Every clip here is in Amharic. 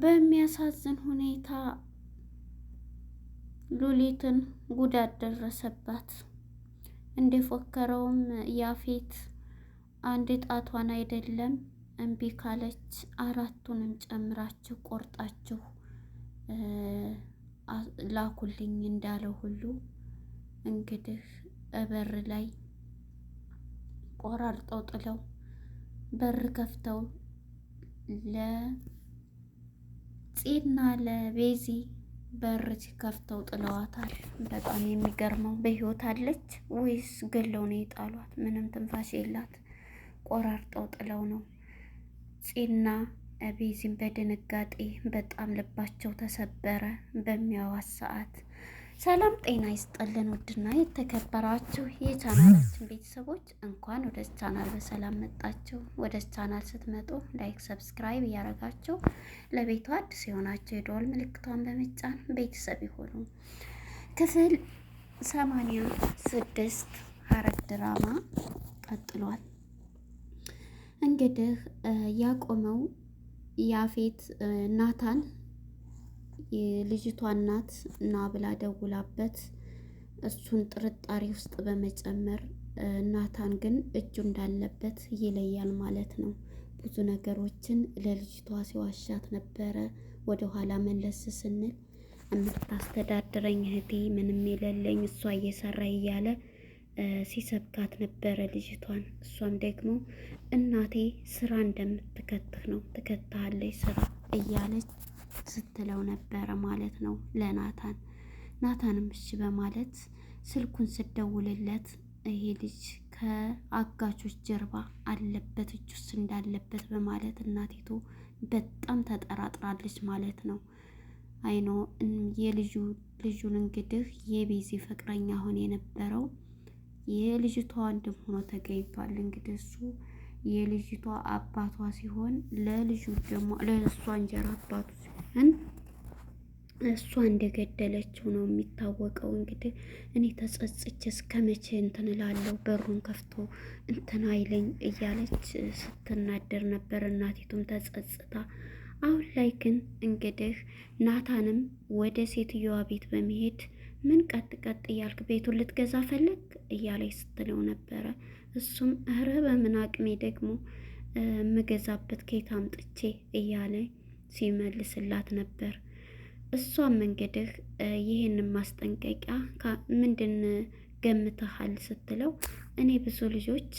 በሚያሳዝን ሁኔታ ሉሊትን ጉዳት ደረሰባት። እንደፎከረውም ያፌት አንድ ጣቷን አይደለም እምቢ ካለች አራቱንም ጨምራችሁ ቆርጣችሁ ላኩልኝ እንዳለ ሁሉ እንግዲህ በር ላይ ቆራርጠው ጥለው በር ከፍተው ለ ጺና ለቤዚ በር ከፍተው ጥለዋታል። በጣም የሚገርመው በህይወት አለች ወይስ ገለው ነው የጣሏት? ምንም ትንፋሽ የላት። ቆራርጠው ጥለው ነው። ጺና ቤዚን በድንጋጤ በጣም ልባቸው ተሰበረ። በሚያዋት ሰዓት ሰላም ጤና ይስጥልን። ውድና የተከበራችሁ የቻናላችን ቤተሰቦች እንኳን ወደ ቻናል በሰላም መጣችሁ። ወደ ቻናል ስትመጡ ላይክ፣ ሰብስክራይብ እያደረጋችሁ ለቤቱ አዲስ የሆናቸው የደወል ምልክቷን በመጫን ቤተሰብ ይሆኑ። ክፍል ሰማንያ ስድስት ሐረግ ድራማ ቀጥሏል። እንግዲህ ያቆመው ያፌት ናታን የልጅቷ እናት እና ብላ ደውላበት እሱን ጥርጣሬ ውስጥ በመጨመር እናታን ግን እጁ እንዳለበት ይለያል ማለት ነው። ብዙ ነገሮችን ለልጅቷ ሲዋሻት ነበረ። ወደኋላ መለስ ስንል የምታስተዳድረኝ እህቴ ምንም የሌለኝ እሷ እየሰራ እያለ ሲሰብካት ነበረ ልጅቷን። እሷም ደግሞ እናቴ ስራ እንደምትከትህ ነው ትከትሃለች ስራ እያለች ስትለው ነበረ ማለት ነው ለናታን። ናታንም እሺ በማለት ስልኩን ስደውልለት ይሄ ልጅ ከአጋቾች ጀርባ አለበት እጅ ውስጥ እንዳለበት በማለት እናቲቱ በጣም ተጠራጥራለች ማለት ነው። አይኖ የልጁ ልጁን እንግዲህ የቤዚ ፍቅረኛ ሆኖ የነበረው የልጅቷ ወንድም ሆኖ ተገኝቷል እንግዲህ እሱ የልጅቷ አባቷ ሲሆን ለልጁ ደግሞ ለእሷ እንጀራ አባቱ ሲሆን እሷ እንደገደለችው ነው የሚታወቀው። እንግዲህ እኔ ተጸጽቼ እስከ መቼ እንትን እላለሁ በሩን ከፍቶ እንትን አይለኝ እያለች ስትናደር ነበር። እናቲቱም ተጸጽታ አሁን ላይ ግን እንግዲህ ናታንም ወደ ሴትዮዋ ቤት በመሄድ ምን ቀጥ ቀጥ እያልክ ቤቱን ልትገዛ ፈለግ እያለች ስትለው ነበረ። እሱም እረ በምን አቅሜ ደግሞ የምገዛበት ከየት አምጥቼ እያለ ሲመልስላት ነበር። እሷም እንግዲህ ይህን ማስጠንቀቂያ ምንድን ገምተሃል ስትለው እኔ ብዙ ልጆች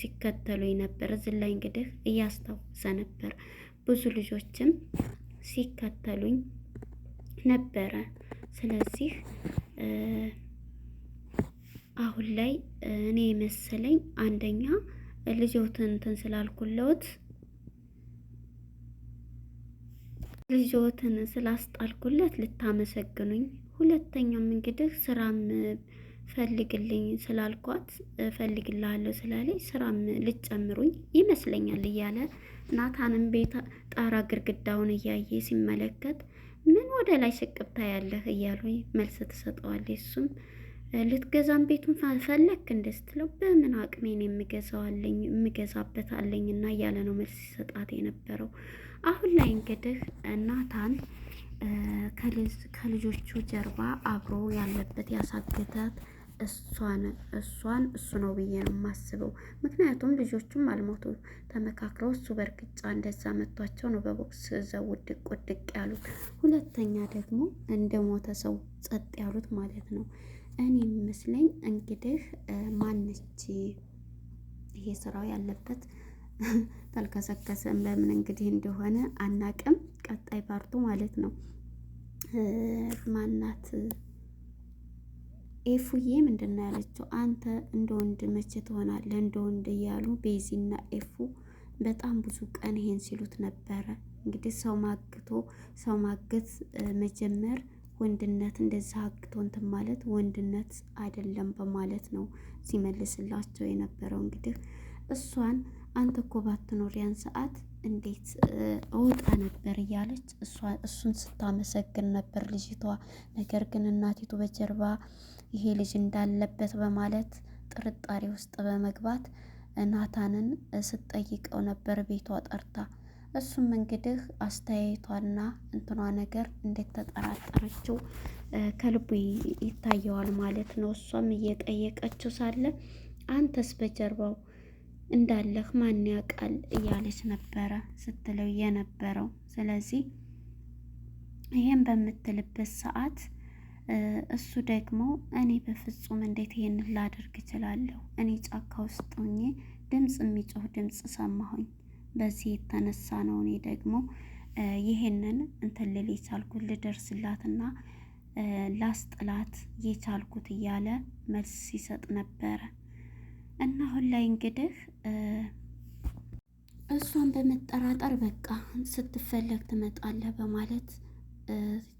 ሲከተሉ ነበር። እዚህ ላይ እንግዲህ እያስታወሰ ነበር። ብዙ ልጆችም ሲከተሉኝ ነበረ። ስለዚህ አሁን ላይ እኔ የመሰለኝ አንደኛ ልጆትን እንትን ስላልኩለት ልጆትን ስላስጣልኩለት ልታመሰግኑኝ፣ ሁለተኛም እንግዲህ ስራም ፈልግልኝ ስላልኳት ፈልግላለሁ ስላለኝ ስራም ልጨምሩኝ ይመስለኛል እያለ ናታንም ቤት ጣራ ግርግዳውን እያየ ሲመለከት ምን ወደ ላይ ሽቅብታ ያለህ እያሉ መልስ ትሰጠዋለች እሱም ልትገዛም ቤቱን ፈለክ እንደ ስትለው በምን አቅሜን የምገዛዋለኝ የምገዛበት አለኝ እና እያለ ነው መልስ ሲሰጣት የነበረው። አሁን ላይ እንግዲህ እናታን ከልጆቹ ጀርባ አብሮ ያለበት ያሳገታት እሷን እሷን እሱ ነው ብዬ ነው የማስበው። ምክንያቱም ልጆቹም አልሞቱ ተመካክረው እሱ በእርግጫ እንደዛ መቷቸው ነው በቦክስ እዛው ውድቅ ውድቅ ያሉት። ሁለተኛ ደግሞ እንደ ሞተ ሰው ጸጥ ያሉት ማለት ነው። እኔ የሚመስለኝ እንግዲህ ማነች ይሄ ስራው ያለበት ተልከሰከሰን ለምን እንግዲህ እንደሆነ አናቅም። ቀጣይ ፓርቱ ማለት ነው። ማናት ኤፉዬ ምንድን ነው ያለችው? አንተ እንደ ወንድ መቼ ትሆናለህ እንደ ወንድ እያሉ ቤዚና ኤፉ በጣም ብዙ ቀን ይሄን ሲሉት ነበረ። እንግዲህ ሰው ማግቶ ሰው ማገት መጀመር ወንድነት እንደዚህ አግቶንትን ማለት ወንድነት አይደለም በማለት ነው ሲመልስላቸው የነበረው። እንግዲህ እሷን አንተ እኮ ባትኖር ያን ሰዓት እንዴት እወጣ ነበር እያለች እሱን ስታመሰግን ነበር ልጅቷ። ነገር ግን እናቲቱ በጀርባ ይሄ ልጅ እንዳለበት በማለት ጥርጣሬ ውስጥ በመግባት ናታንን ስትጠይቀው ነበር ቤቷ ጠርታ እሱም እንግዲህ አስተያየቷና እንትኗ ነገር እንዴት ተጠራጠረችው ከልቡ ይታየዋል ማለት ነው። እሷም እየጠየቀችው ሳለ አንተስ በጀርባው እንዳለህ ማን ያውቃል እያለች ነበረ ስትለው የነበረው። ስለዚህ ይሄን በምትልበት ሰዓት እሱ ደግሞ እኔ በፍጹም እንዴት ይሄን ላደርግ እችላለሁ? እኔ ጫካ ውስጥ ሆኜ ድምፅ የሚጮህ ድምፅ ሰማሁኝ። በዚህ የተነሳ ነው እኔ ደግሞ ይህንን እንትን ልል የቻልኩት ልደርስላትና ላስጥላት የቻልኩት እያለ መልስ ሲሰጥ ነበረ። እና አሁን ላይ እንግዲህ እሷን በመጠራጠር በቃ ስትፈለግ ትመጣለህ በማለት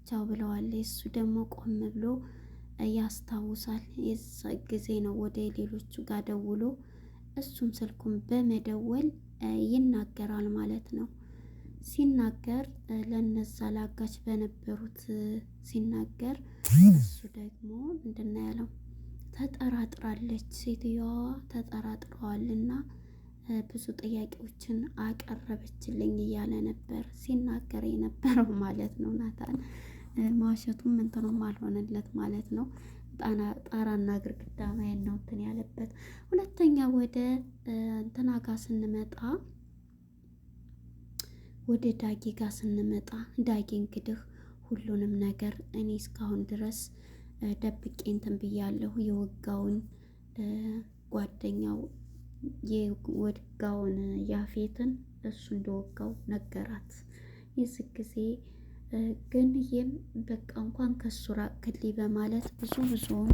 ቻው ብለዋል። እሱ ደግሞ ቆም ብሎ ያስታውሳል። የዛ ጊዜ ነው ወደ ሌሎቹ ጋር ደውሎ እሱም ስልኩን በመደወል ይናገራል ማለት ነው። ሲናገር ለነዛ ላጋች በነበሩት ሲናገር እሱ ደግሞ ምንድን ነው ያለው? ተጠራጥራለች ሴትዮዋ ተጠራጥረዋልና ብዙ ጥያቄዎችን አቀረበችልኝ እያለ ነበር ሲናገር የነበረው ማለት ነው። ናታን ማሸቱም እንትኑም አልሆነለት ማለት ነው። ጣራና ግርግዳ ማየት ነው እንትን ያለበት። ሁለተኛ ወደ እንትና ጋር ስንመጣ ወደ ዳጊ ጋር ስንመጣ ዳጊ እንግዲህ ሁሉንም ነገር እኔ እስካሁን ድረስ ደብቄ እንትን ብያለሁ። የወጋውን ጓደኛው የወድጋውን ያፌትን እሱ እንደወጋው ነገራት። የዚህ ጊዜ ገንዬም በቃ እንኳን ከሱ ራቅልኝ በማለት ብዙ ብዙውን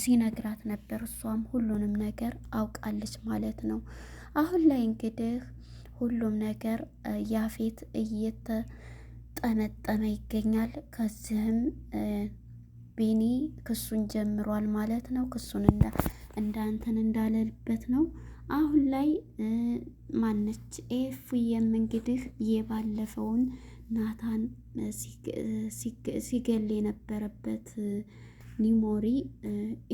ሲነግራት ነበር። እሷም ሁሉንም ነገር አውቃለች ማለት ነው። አሁን ላይ እንግዲህ ሁሉም ነገር ያፌት እየተጠመጠመ ይገኛል። ከዚህም ቤኒ ክሱን ጀምሯል ማለት ነው። ክሱን እንዳንተን እንዳለልበት ነው። አሁን ላይ ማነች ኤፉዬም እንግዲህ የባለፈውን ናታን ሲገል የነበረበት ኒሞሪ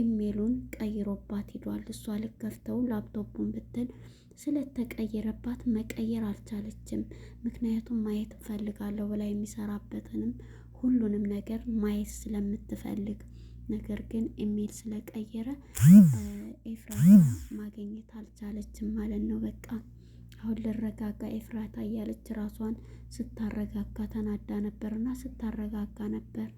ኢሜሉን ቀይሮባት ሂዷል። እሷ ልከፍተው ላፕቶፑን ብትል ስለተቀየረባት መቀየር አልቻለችም። ምክንያቱም ማየት እፈልጋለሁ ብላ የሚሰራበትንም ሁሉንም ነገር ማየት ስለምትፈልግ ነገር ግን ኢሜል ስለቀየረ ኤፍራታ ማግኘት አልቻለችም ማለት ነው በቃ አሁን ልረጋጋ ኤፍራታ እያለች ራሷን ስታረጋጋ ተናዳ ነበርና ስታረጋጋ ነበር።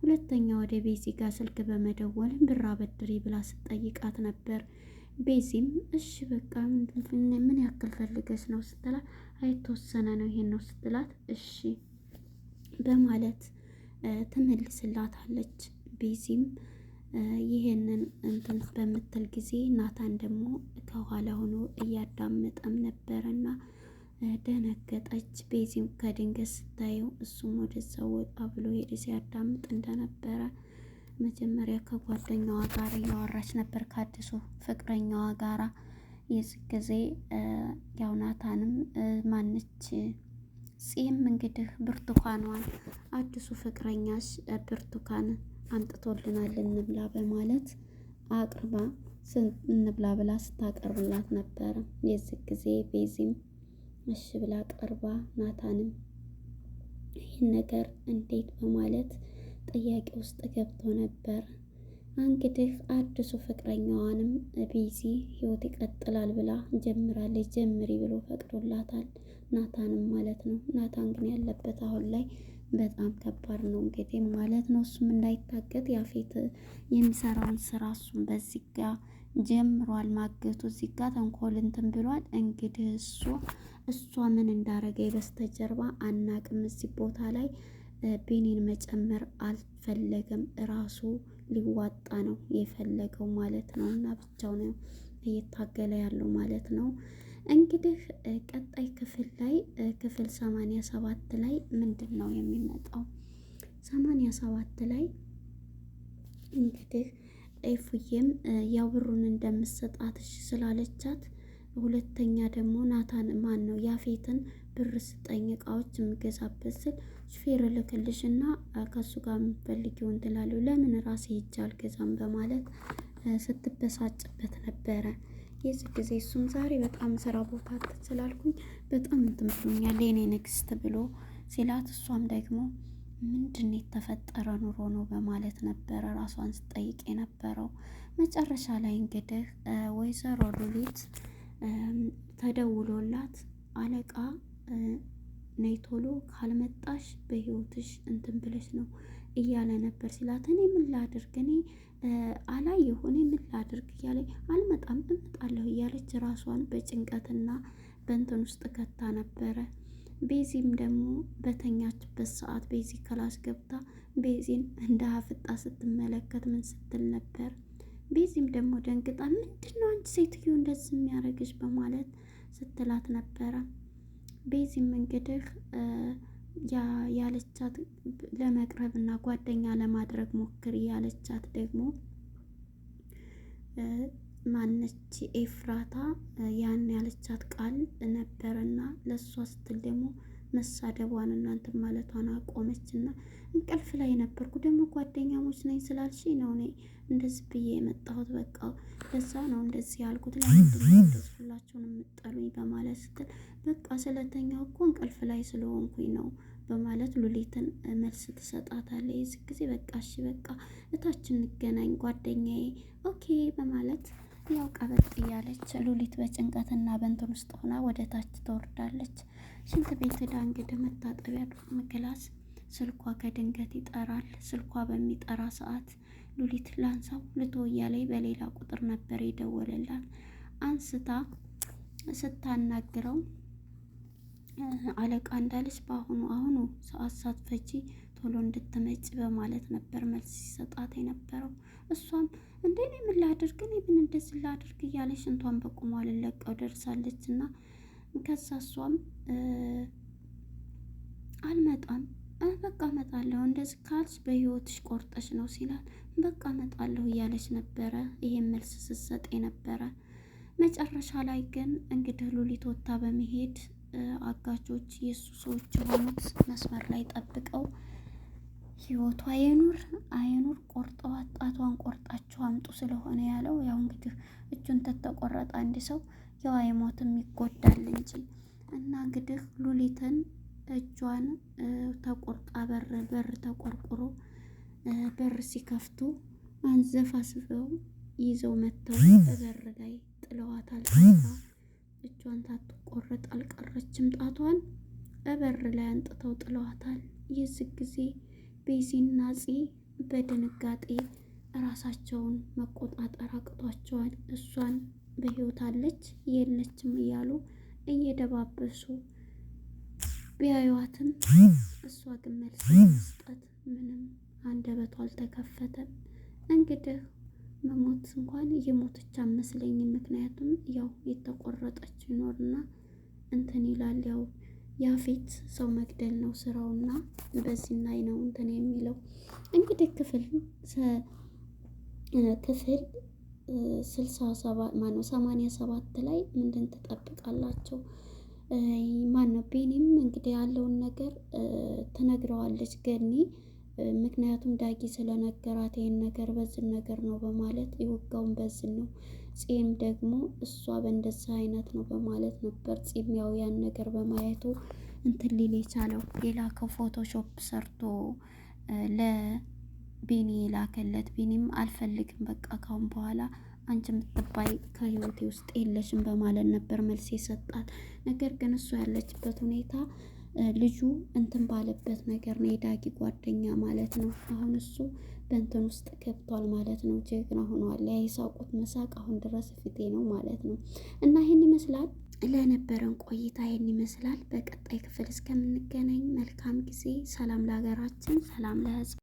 ሁለተኛ ወደ ቤዚ ጋር ስልክ በመደወል ብር አበድሪ ብላ ስጠይቃት ነበር። ቤዚም እሺ በቃ ምን ያክል ፈልገች ነው ስትላት፣ አይተወሰነ ነው ይሄን ነው ስትላት፣ እሺ በማለት ትመልስላታለች ቤዚም ይህንን እንትን በምትል ጊዜ ናታን ደግሞ ከኋላ ሆኖ እያዳመጠም ነበረና ደነገጠች። ቤዚም ከድንገት ስታየው እሱም ወደዛ ወጣ ብሎ ሄደ ሲያዳምጥ እንደነበረ መጀመሪያ ከጓደኛዋ ጋር እያወራች ነበር ከአዲሱ ፍቅረኛዋ ጋራ። የዚህ ጊዜ ያው ናታንም ማነች ጺም እንግዲህ ብርቱካኗን አዲሱ ፍቅረኛሽ ብርቱካን አንጥቶልናል እንብላ በማለት አቅርባ እንብላ ብላ ስታቀርብላት ነበረ። የዚህ ጊዜ ቤዚም እሺ ብላ ቀርባ ናታንም ይህን ነገር እንዴት በማለት ጥያቄ ውስጥ ገብቶ ነበር። እንግዲህ አዲሱ ፍቅረኛዋንም ቢዚ ህይወት ይቀጥላል ብላ ጀምራለች። ጀምሪ ብሎ ፈቅዶላታል ናታንም ማለት ነው። ናታን ግን ያለበት አሁን ላይ በጣም ከባድ ነው እንግዲህ ማለት ነው። እሱም እንዳይታገት ያፌት የሚሰራውን ስራ እሱም በዚህ ጋ ጀምሯል። ማገቱ እዚህ ጋ ተንኮል እንትን ብሏል። እንግዲህ እሱ እሷ ምን እንዳረገ የበስተጀርባ አናቅም እዚህ ቦታ ላይ ቤኒን መጨመር አልፈለገም። እራሱ ሊዋጣ ነው የፈለገው ማለት ነው። እና ብቻው ነው እየታገለ ያለው ማለት ነው። እንግዲህ ቀጣይ ክፍል ላይ ክፍል ሰማንያ ሰባት ላይ ምንድን ነው የሚመጣው? ሰማንያ ሰባት ላይ እንግዲህ ኤፉዬም ያው ብሩን እንደምሰጣት እሺ ስላለቻት፣ ሁለተኛ ደግሞ ናታን ማን ነው ያፌትን ብር ስጠኝ እቃዎች የምገዛበት ስል ሹፌር ልክልሽ እና ከሱ ጋር የምትፈልጊውን እንትላሉ ለምን ራሴ ሂጄ አልገዛም በማለት ስትበሳጭበት ነበረ። የዚህ ጊዜ እሱም ዛሬ በጣም ስራ ቦታ ስላልኩኝ በጣም እንትን ብሎኛል የኔ ንግስት ብሎ ሲላት፣ እሷም ደግሞ ምንድን የተፈጠረ ኑሮ ነው በማለት ነበረ ራሷን ስጠይቅ የነበረው። መጨረሻ ላይ እንግዲህ ወይዘሮ ሉሊት ተደውሎላት አለቃ ነይ ቶሎ ካልመጣሽ በህይወትሽ እንትን ብለሽ ነው እያለ ነበር ሲላት፣ እኔ ምን ላድርግ እኔ አላየሁ እኔ ምን ላድርግ እያለ አልመጣም እመጣለሁ እያለች ራሷን በጭንቀትና በእንትን ውስጥ ከታ ነበረ። ቤዚም ደግሞ በተኛችበት ሰዓት ቤዚ ከላስ ገብታ ቤዚን እንደ ሀፍጣ ስትመለከት ምን ስትል ነበር። ቤዚም ደግሞ ደንግጣ ምንድነው አንቺ ሴትዮ እንደዚህ የሚያደርግሽ በማለት ስትላት ነበረ። ቤዚም እንግዲህ ያለቻት ለመቅረብ እና ጓደኛ ለማድረግ ሞክር ያለቻት ደግሞ ማነች ኤፍራታ ያን ያለቻት ቃል ነበረና ለእሷ ስትል ደግሞ መሳደቧን እናንትን ማለቷን አቆመች እና እንቅልፍ ላይ ነበርኩ። ደግሞ ጓደኛሞች ነኝ ስላልሽ ነው እኔ እንደዚህ ብዬ የመጣሁት። በቃ ለዛ ነው እንደዚህ ያልኩት። ለሁላችሁን የምጠሉኝ በማለት ስትል በቃ ስለተኛው እኮ እንቅልፍ ላይ ስለሆንኩኝ ነው በማለት ሉሊትን መልስ ትሰጣታለች። የዚህ ጊዜ በቃ እሺ በቃ እታች እንገናኝ ጓደኛዬ ኦኬ በማለት ያው ቀበጥ እያለች ሉሊት በጭንቀትና በንትን ውስጥ ሆና ወደ ታች ትወርዳለች። ሽንት ቤት ዳ እንግዲህ መታጠቢያ ምግላስ ስልኳ ከድንገት ይጠራል። ስልኳ በሚጠራ ሰዓት ሉሊት ላንሳው ልቶ እያለኝ በሌላ ቁጥር ነበር ይደወልላት። አንስታ ስታናግረው አለቃ እንዳለች በአሁኑ አሁኑ ሰዓት ሳትፈጂ ቶሎ እንድትመጭ በማለት ነበር መልስ ሲሰጣት የነበረው። እሷም እንዴ እኔ ምን ላድርግ እኔ ምን እንደዚህ ላድርግ እያለች ሽንቷን በቁሟ ልለቀው ደርሳለች እና ከዛ እሷም አልመጣም በቃ እመጣለሁ እንደዚህ ካልሽ በህይወትሽ ቆርጠሽ ነው ሲላል በቃ እመጣለሁ እያለች ነበረ ይሄን መልስ ስትሰጥ የነበረ። መጨረሻ ላይ ግን እንግዲህ ሉሊት ወታ በመሄድ አጋቾች የእሱ ሰዎች የሆኑት መስመር ላይ ጠብቀው ህይወቷ የኑር አይኑር ቆርጠዋ ጣቷን ቆርጣችሁ አምጡ ስለሆነ ያለው ያው እንግዲህ እጁን ተተቆረጠ አንድ ሰው ያው አይሞትም ይጎዳል እንጂ እና እንግዲህ ሉሊትን እጇን ተቆርጣ በር በር ተቆርቁሮ በር ሲከፍቱ አንዘፋስፈው ይዘው መጥተው በበር ላይ ጥለዋታል። እጇን ሳትቆረጥ አልቀረችም። ጣቷን በበር ላይ አንጥተው ጥለዋታል። ይህ ጊዜ ቤዚና ፂ በድንጋጤ ራሳቸውን መቆጣጠር አቅቷቸዋል። እሷን በህይወት አለች የለችም እያሉ እየደባበሱ ቢያዩዋትም እሷ ግን መልስ መስጠት ምንም አንደበቷ አልተከፈተም። እንግዲህ መሞት እንኳን የሞተች አመስለኝም። ምክንያቱም ያው የተቆረጠች ይኖርና እንትን ይላል ያው ያፌት ሰው መግደል ነው ስራውና በዚህ ላይ ነው እንትን የሚለው እንግዲህ ክፍል ክፍል ስልሳ ሰባት ማነው ሰማንያ ሰባት ላይ ምንድን ትጠብቃላቸው? ነው ቤኒም እንግዲህ ያለውን ነገር ትነግረዋለች ገኒ። ምክንያቱም ዳጊ ስለነገራት ይህን ነገር በዝን ነገር ነው በማለት የወጋውን በዝን ነው ፂም ደግሞ እሷ በእንደዚህ አይነት ነው በማለት ነበር ፂም ያው ያን ነገር በማየቱ እንትን ሊል የቻለው የላከው ፎቶሾፕ ሰርቶ ለቢኒ የላከለት ቢኒም አልፈልግም በቃ ካሁን በኋላ አንቺ የምትባይ ከህይወቴ ውስጥ የለሽም በማለት ነበር መልስ የሰጣት። ነገር ግን እሷ ያለችበት ሁኔታ ልጁ እንትን ባለበት ነገር ነው የዳጊ ጓደኛ ማለት ነው አሁን እሱ በእንትን ውስጥ ገብቷል ማለት ነው። ጀግና ሆኗል። ያይሳቁት መሳቅ አሁን ድረስ ፊቴ ነው ማለት ነው። እና ይህን ይመስላል ለነበረን ቆይታ ይህን ይመስላል። በቀጣይ ክፍል እስከምንገናኝ መልካም ጊዜ። ሰላም ለሀገራችን፣ ሰላም ለህዝብ